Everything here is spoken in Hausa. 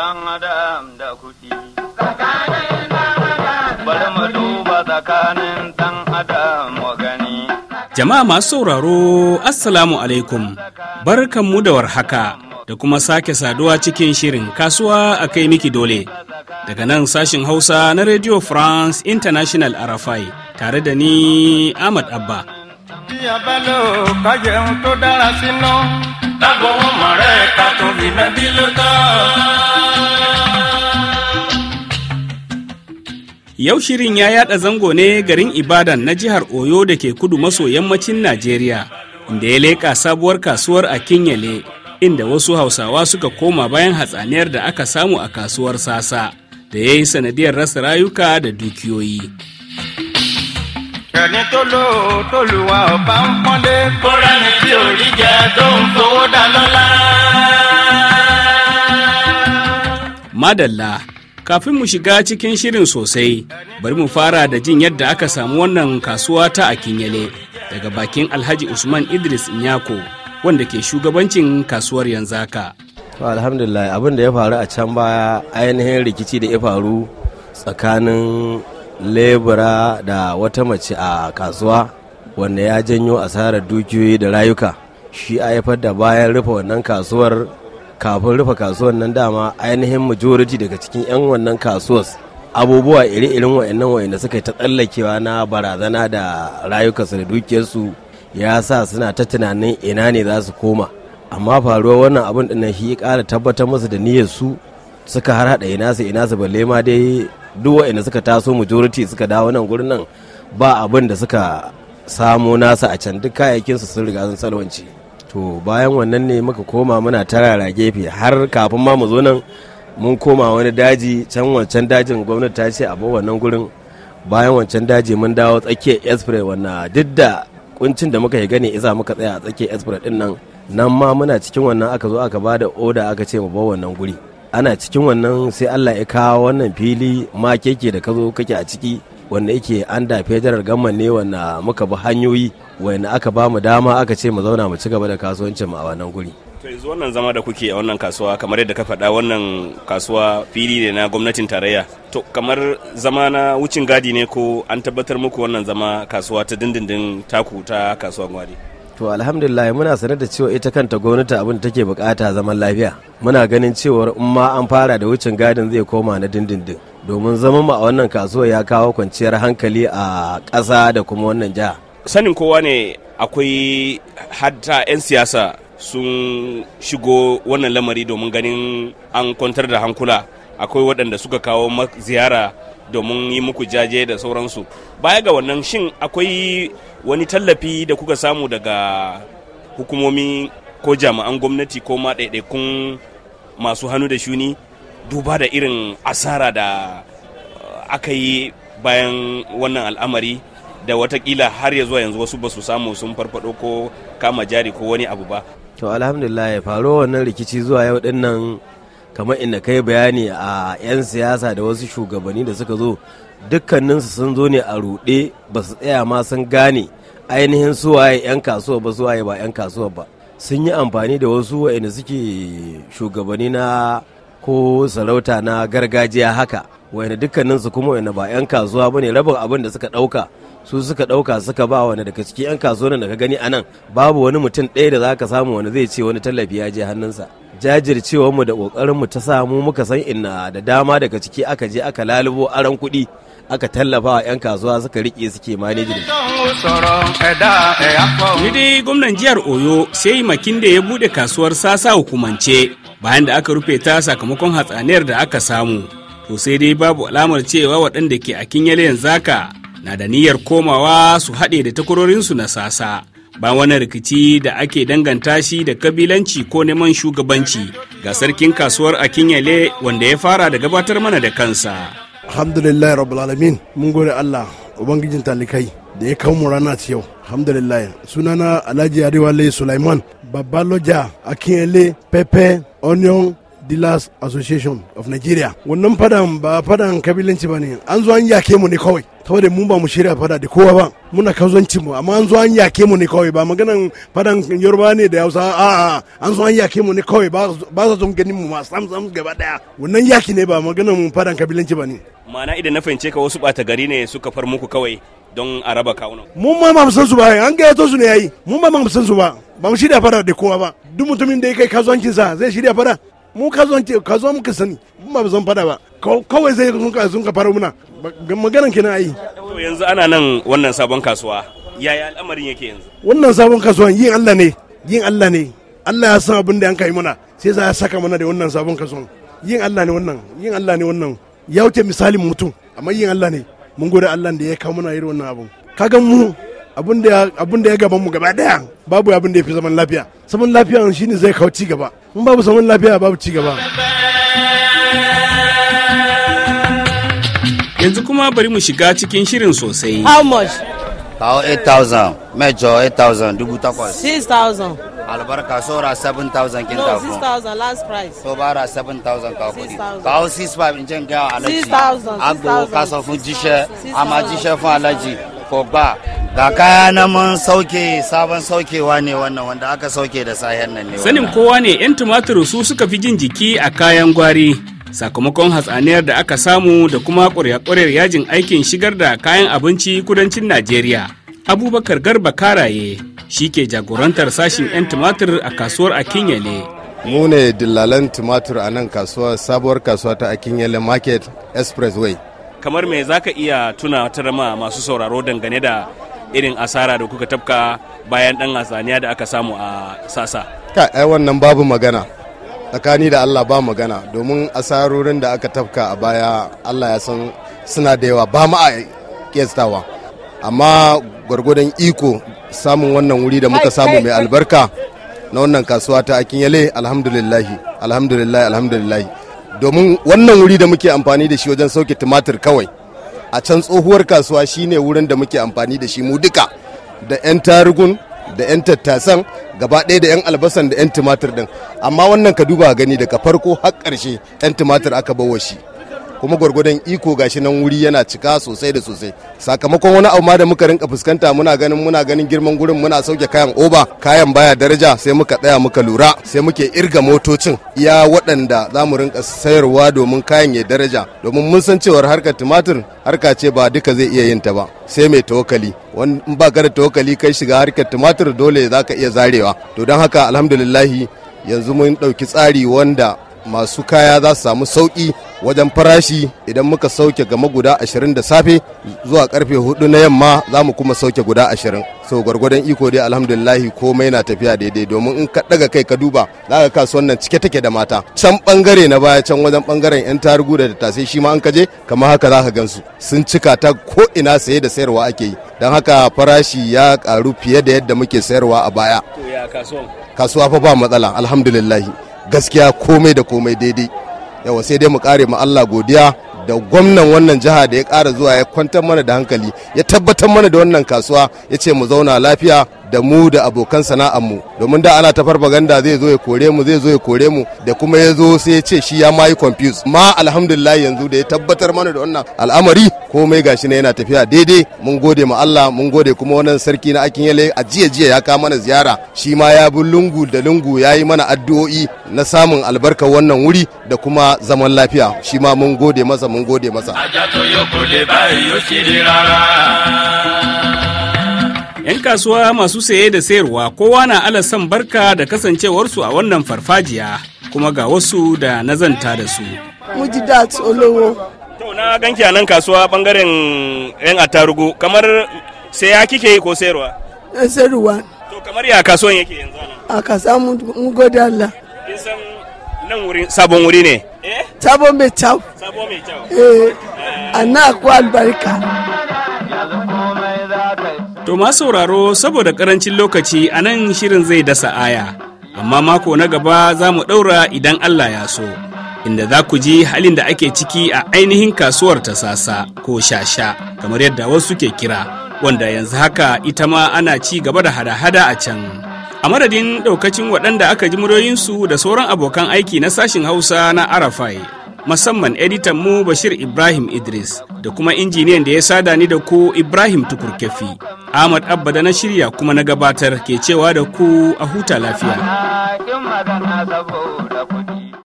dan adam da kuɗi. Bari mu duba tsakanin dan adam mu gani. Jama'a masu sauraro, Assalamu alaikum, barkanmu da warhaka. da kuma sake saduwa cikin shirin kasuwa a kai miki dole daga nan sashin hausa na radio france international arafai tare da ni ahmad abba Bí Yau shirin ya yada zango ne garin Ibadan na jihar Oyo da ke kudu maso yammacin Najeriya, inda ya leƙa sabuwar kasuwar a Kinyale, inda wasu Hausawa suka koma bayan hatsaniyar da aka samu a kasuwar Sasa, da ya yi sanadiyar rasa rayuka da dukiyoyi. Madalla. Kafin mu shiga cikin shirin sosai, bari mu fara da jin yadda aka samu wannan kasuwa ta a Kinyale daga bakin Alhaji Usman Idris Nyako wanda ke shugabancin kasuwar yanzu haka. To alhamdulillah abin da ya faru a can baya ainihin rikici da ya faru tsakanin lebura da wata mace a kasuwa wanda ya janyo asarar dukiyoyi da rayuka. Shi a haifar da bayan rufe wannan kasuwar kafin rufe kasuwar nan dama ainihin majority daga cikin 'yan wannan kasuwar abubuwa iri-irin wa'annan wa'anda suka yi ta tsallakewa na barazana da rayukansu da dukiyarsu ya sa suna ta tunanin ina ne za su koma amma faruwar wannan abun din shi ya ƙara tabbatar musu da niyyar su suka har hada ina su ina su balle ma dai duk wa'anda suka taso majority suka dawo nan gurin nan ba abin da suka samu nasa a can duk kayayyakin su sun riga sun salwanci to bayan wannan ne muka koma muna tarara gefe har kafin ma mu zo nan mun koma wani daji can wancan dajin gwamnati ta ce abu wannan gurin bayan wancan daji mun dawo tsakiyar esprit wannan duk da kuncin da muka yi gani iza muka tsaya a tsakiyar esprit din nan nan ma muna cikin wannan aka zo aka ba da oda aka ce mu bar wannan guri ana cikin wannan sai Allah ya kawo wannan fili ma keke da ka zo kake a ciki wanda yake an da federal gamman ne wanda muka bi hanyoyi wanda aka ba mu dama aka ce mu zauna mu ci gaba da kasuwancin mu a wannan guri to yanzu wannan zama da kuke a wannan kasuwa kamar yadda ka faɗa wannan kasuwa fili ne na gwamnatin tarayya to kamar zama na wucin gadi ne ko an tabbatar muku wannan zama kasuwa ta dindindin taku ta kasuwa gwari to alhamdulillah muna sanar da cewa ita kanta gwamnati abin da take bukata zaman lafiya muna ganin cewa in ma an fara da wucin gadin zai koma na dindindin domin zama mu a wannan kasuwa ya kawo kwanciyar hankali a ƙasa da kuma wannan jiha sanin kowa ne akwai hatta 'yan siyasa sun shigo wannan lamari domin ganin an kwantar da hankula akwai waɗanda suka kawo ziyara domin yi muku jaje da sauransu baya ga wannan shin akwai wani tallafi da kuka samu daga hukumomi ko jami'an gwamnati ko ma ɗaiɗaikun masu hannu da shuni duba da irin asara da uh, aka yi bayan wannan al'amari da watakila har ya zuwa yanzu wasu ba su samu sun farfado ko kama jari ko wani abu ba to alhamdulillah ya faru wannan rikici zuwa yau din nan kamar inda kai bayani a 'yan siyasa da wasu shugabanni da suka zo dukkaninsu sun zo ne a ruɗe ba su tsaya ma sun gane ainihin suwaye 'yan kasuwa ba suwaye ba 'yan kasuwa ba sun yi amfani da wasu waanda suke shugabanni na ko sarauta na gargajiya haka dukkanin dukkaninsu kuma wani ba 'yan kasuwa ba ne rabin abin da suka ɗauka su suka ɗauka suka ba wani daga ciki 'yan kasuwan da ka gani anan. babu wani mutum ɗaya da za ka samu wani zai ce wani tallafi ya je hannunsa Jajircewar mu da kokarin mu ta samu muka san inna da dama daga ciki aka je aka lalubo aran kuɗi aka tallafa wa 'yan kasuwa suka rike suke maneji Ni dai gwamnan jihar Oyo sai makin da ya buɗe kasuwar sasa hukumance bayan da aka rufe ta sakamakon hatsaniyar da aka samu to sai dai babu alamar cewa waɗanda ke a kinyalayan yanzu na da niyyar komawa su haɗe da takwarorinsu na sasa bayan wani rikici da ake danganta shi da kabilanci ko neman shugabanci ga sarkin kasuwar a kinyale wanda ya fara da gabatar mana da kansa alhamdulillah rabbul alamin mun gode allah ubangijin talikai da ya kawo mu rana ta yau alhamdulillah sunana alhaji arewa lai sulaiman Babaloja Akinyele Pepe Onion Dealers Association of Nigeria. Wannan fadan ba fadan kabilanci ba ne, an zo an yake mu ne kawai. saboda mu ba mu shirya fada da kowa ba muna kazanci mu amma an zo an yake mu ne kawai ba maganan fadan yoruba ne da a a an zo an yake mu ne kawai ba sa son ganin mu ma sam sam gaba daya wannan yaki ne ba maganan fadan kabilanci ba ne ma'ana idan na fahimce ka wasu bata gari ne suka far muku kawai don a raba kawunan mun ma ma san su ba an gayyato su ne yayi mun ma ma san su ba ba mu shirya fara da kowa ba duk mutumin da ya kai kasuwancin sa zai shirya fara mu kasuwanci kasuwa muka sani mun ma musan fada ba kawai zai sun ka fara muna maganan kenan ayi yanzu ana nan wannan sabon kasuwa yaya al'amarin yake yanzu wannan sabon kasuwan yin Allah ne yin Allah ne Allah ya san abin da an kai mana sai za a saka mana da wannan sabon kasuwa. yin Allah ne wannan yin Allah ne wannan ya wuce misalin mutum amma yin Allah ne mun gode Allah da ya kawo muna irin wannan abun kaga mu abun da ya gaban mu gaba daya babu abin da ya fi zaman lafiya zaman lafiya shine zai kawo ci gaba in babu zaman lafiya babu ci gaba yanzu kuma bari mu shiga cikin shirin sosai how much 8000 major 8000 dubu takwas 6000 albarka ra 7,000 kin ta ko 6,000 last price so bara 7,000 kawo kudi kawo 6,500 in jẹ́ gẹ́ alaji agbo kaso fún jíṣẹ́ a ma jise fun alaji ko ba ga kaya na mun sauke sabon saukewa ne wannan wanda aka sauke da sahen nan ne sanin kowa ne yan tumatur su suka fi jin jiki a kayan gwari sakamakon hatsaniyar da aka samu da kuma ƙwarya yajin aikin shigar da kayan abinci kudancin najeriya abubakar garba karaye shi ke jagorantar sashin 'yan tumatir a kasuwar akinyele mu ne dillalan tumatir a nan kasuwar sabuwar kasuwa ta akinyele market expressway kamar mai za ka iya tuna ta rama masu sauraro dangane da irin asara da kuka tafka bayan dan asaniya da aka samu a sasa ka ai wannan babu magana tsakani da allah ba magana domin asarorin da aka tafka a baya allah ya san suna da yawa ba ma a kestawa amma gwargwadon iko samun wannan wuri da muka samu mai albarka na wannan kasuwa ta akinyale alhamdulillahi alhamdulillahi alhamdulillahi domin wannan wuri da muke amfani da shi wajen sauke tumatir kawai a can tsohuwar kasuwa shine wurin da muke amfani da shi mu duka da 'yan tarugun da 'yan tattasan gaba ɗaya da 'yan albasan da 'yan tumatir din amma wannan ka duba gani daga farko har ƙarshe 'yan tumatir aka bawa shi kuma gwargwadon iko gashi nan wuri yana cika sosai da sosai sakamakon wani abu ma da muka rinka fuskanta muna ganin muna ganin girman gurin muna sauke kayan oba kayan baya daraja sai muka tsaya muka lura sai muke irga motocin iya waɗanda za mu rinka sayarwa domin kayan ya daraja domin mun san cewar harkar tumatir harka ce ba duka zai iya yin ta ba sai mai tawakali wani ba ka da tawakali kai shiga harkar tumatir dole za ka iya zarewa to don haka alhamdulillahi yanzu mun ɗauki tsari wanda masu kaya za su samu sauƙi wajen farashi idan muka sauke gama guda ashirin da safe zuwa karfe hudu na yamma za mu kuma sauke guda ashirin so gwargwadon iko dai alhamdulillahi komai na tafiya daidai domin in ka daga kai ka duba za ka kasuwan nan cike take da mata can bangare na baya can wajen bangaren yan tarugu da tattasai shi ma an kaje kamar haka za ka gansu sun cika ta ko ina saye da sayarwa ake yi don haka farashi ya karu fiye da yadda muke sayarwa a baya kasuwa fa ba matsala alhamdulillahi gaskiya komai da komai daidai yawa sai dai mu kare ma Allah godiya da gwamnan wannan jiha da ya kara zuwa ya kwantar mana da hankali ya tabbatar mana da wannan kasuwa ya ce mu zauna lafiya da mu da abokan sana'anmu domin da ana ta farfaganda zai zo ya kore mu zai zo ya kore mu da kuma ya zo sai ya ce shi ya ma yi confuse ma alhamdulillah yanzu da ya tabbatar mana da wannan al'amari komai gashi ne yana tafiya daidai mun gode ma Allah mun gode kuma wannan sarki na akin yale a jiya jiya ya kawo mana ziyara shi ma ya bi lungu da lungu ya yi mana addu'o'i na samun albarka wannan wuri da kuma zaman lafiya shi ma mun gode masa mun gode masa. Ajato yo yóò kò lè báyìí 'Yan kasuwa masu saye da sayarwa kowa na alasan barka da kasancewarsu a wannan farfajiya kuma ga wasu da nazanta da su. Mujidat Olowo. Tau na ganki a nan kasuwa bangaren 'yan attarugu kamar sai ya kike yi ko sayarwa? Eh, sayarwa. To kamar ya kasuwan yake yanzu A mu gode Allah. nan wuri sabon wuri ne? Eh? Sabon mai kyau. Sabon mai kyau. Eh. Ana akwai albarka. To ma sauraro saboda karancin lokaci a nan shirin zai dasa aya, amma mako na gaba za mu ɗaura idan Allah ya so, inda za ku ji halin da ake ciki a ainihin kasuwar ta sasa ko shasha, kamar yadda wasu ke kira, wanda yanzu haka ita ma ana ci gaba da hada-hada a can. A madadin ɗaukacin waɗanda aka ji muryoyinsu da sauran abokan aiki na sashin Hausa na Arafai. musamman editan mu Bashir Ibrahim Idris da kuma injiniyan da ya sada ni da ku Ibrahim Tukurkefi. Ahmad Abba da na shirya kuma na gabatar ke cewa da ku a huta lafiya.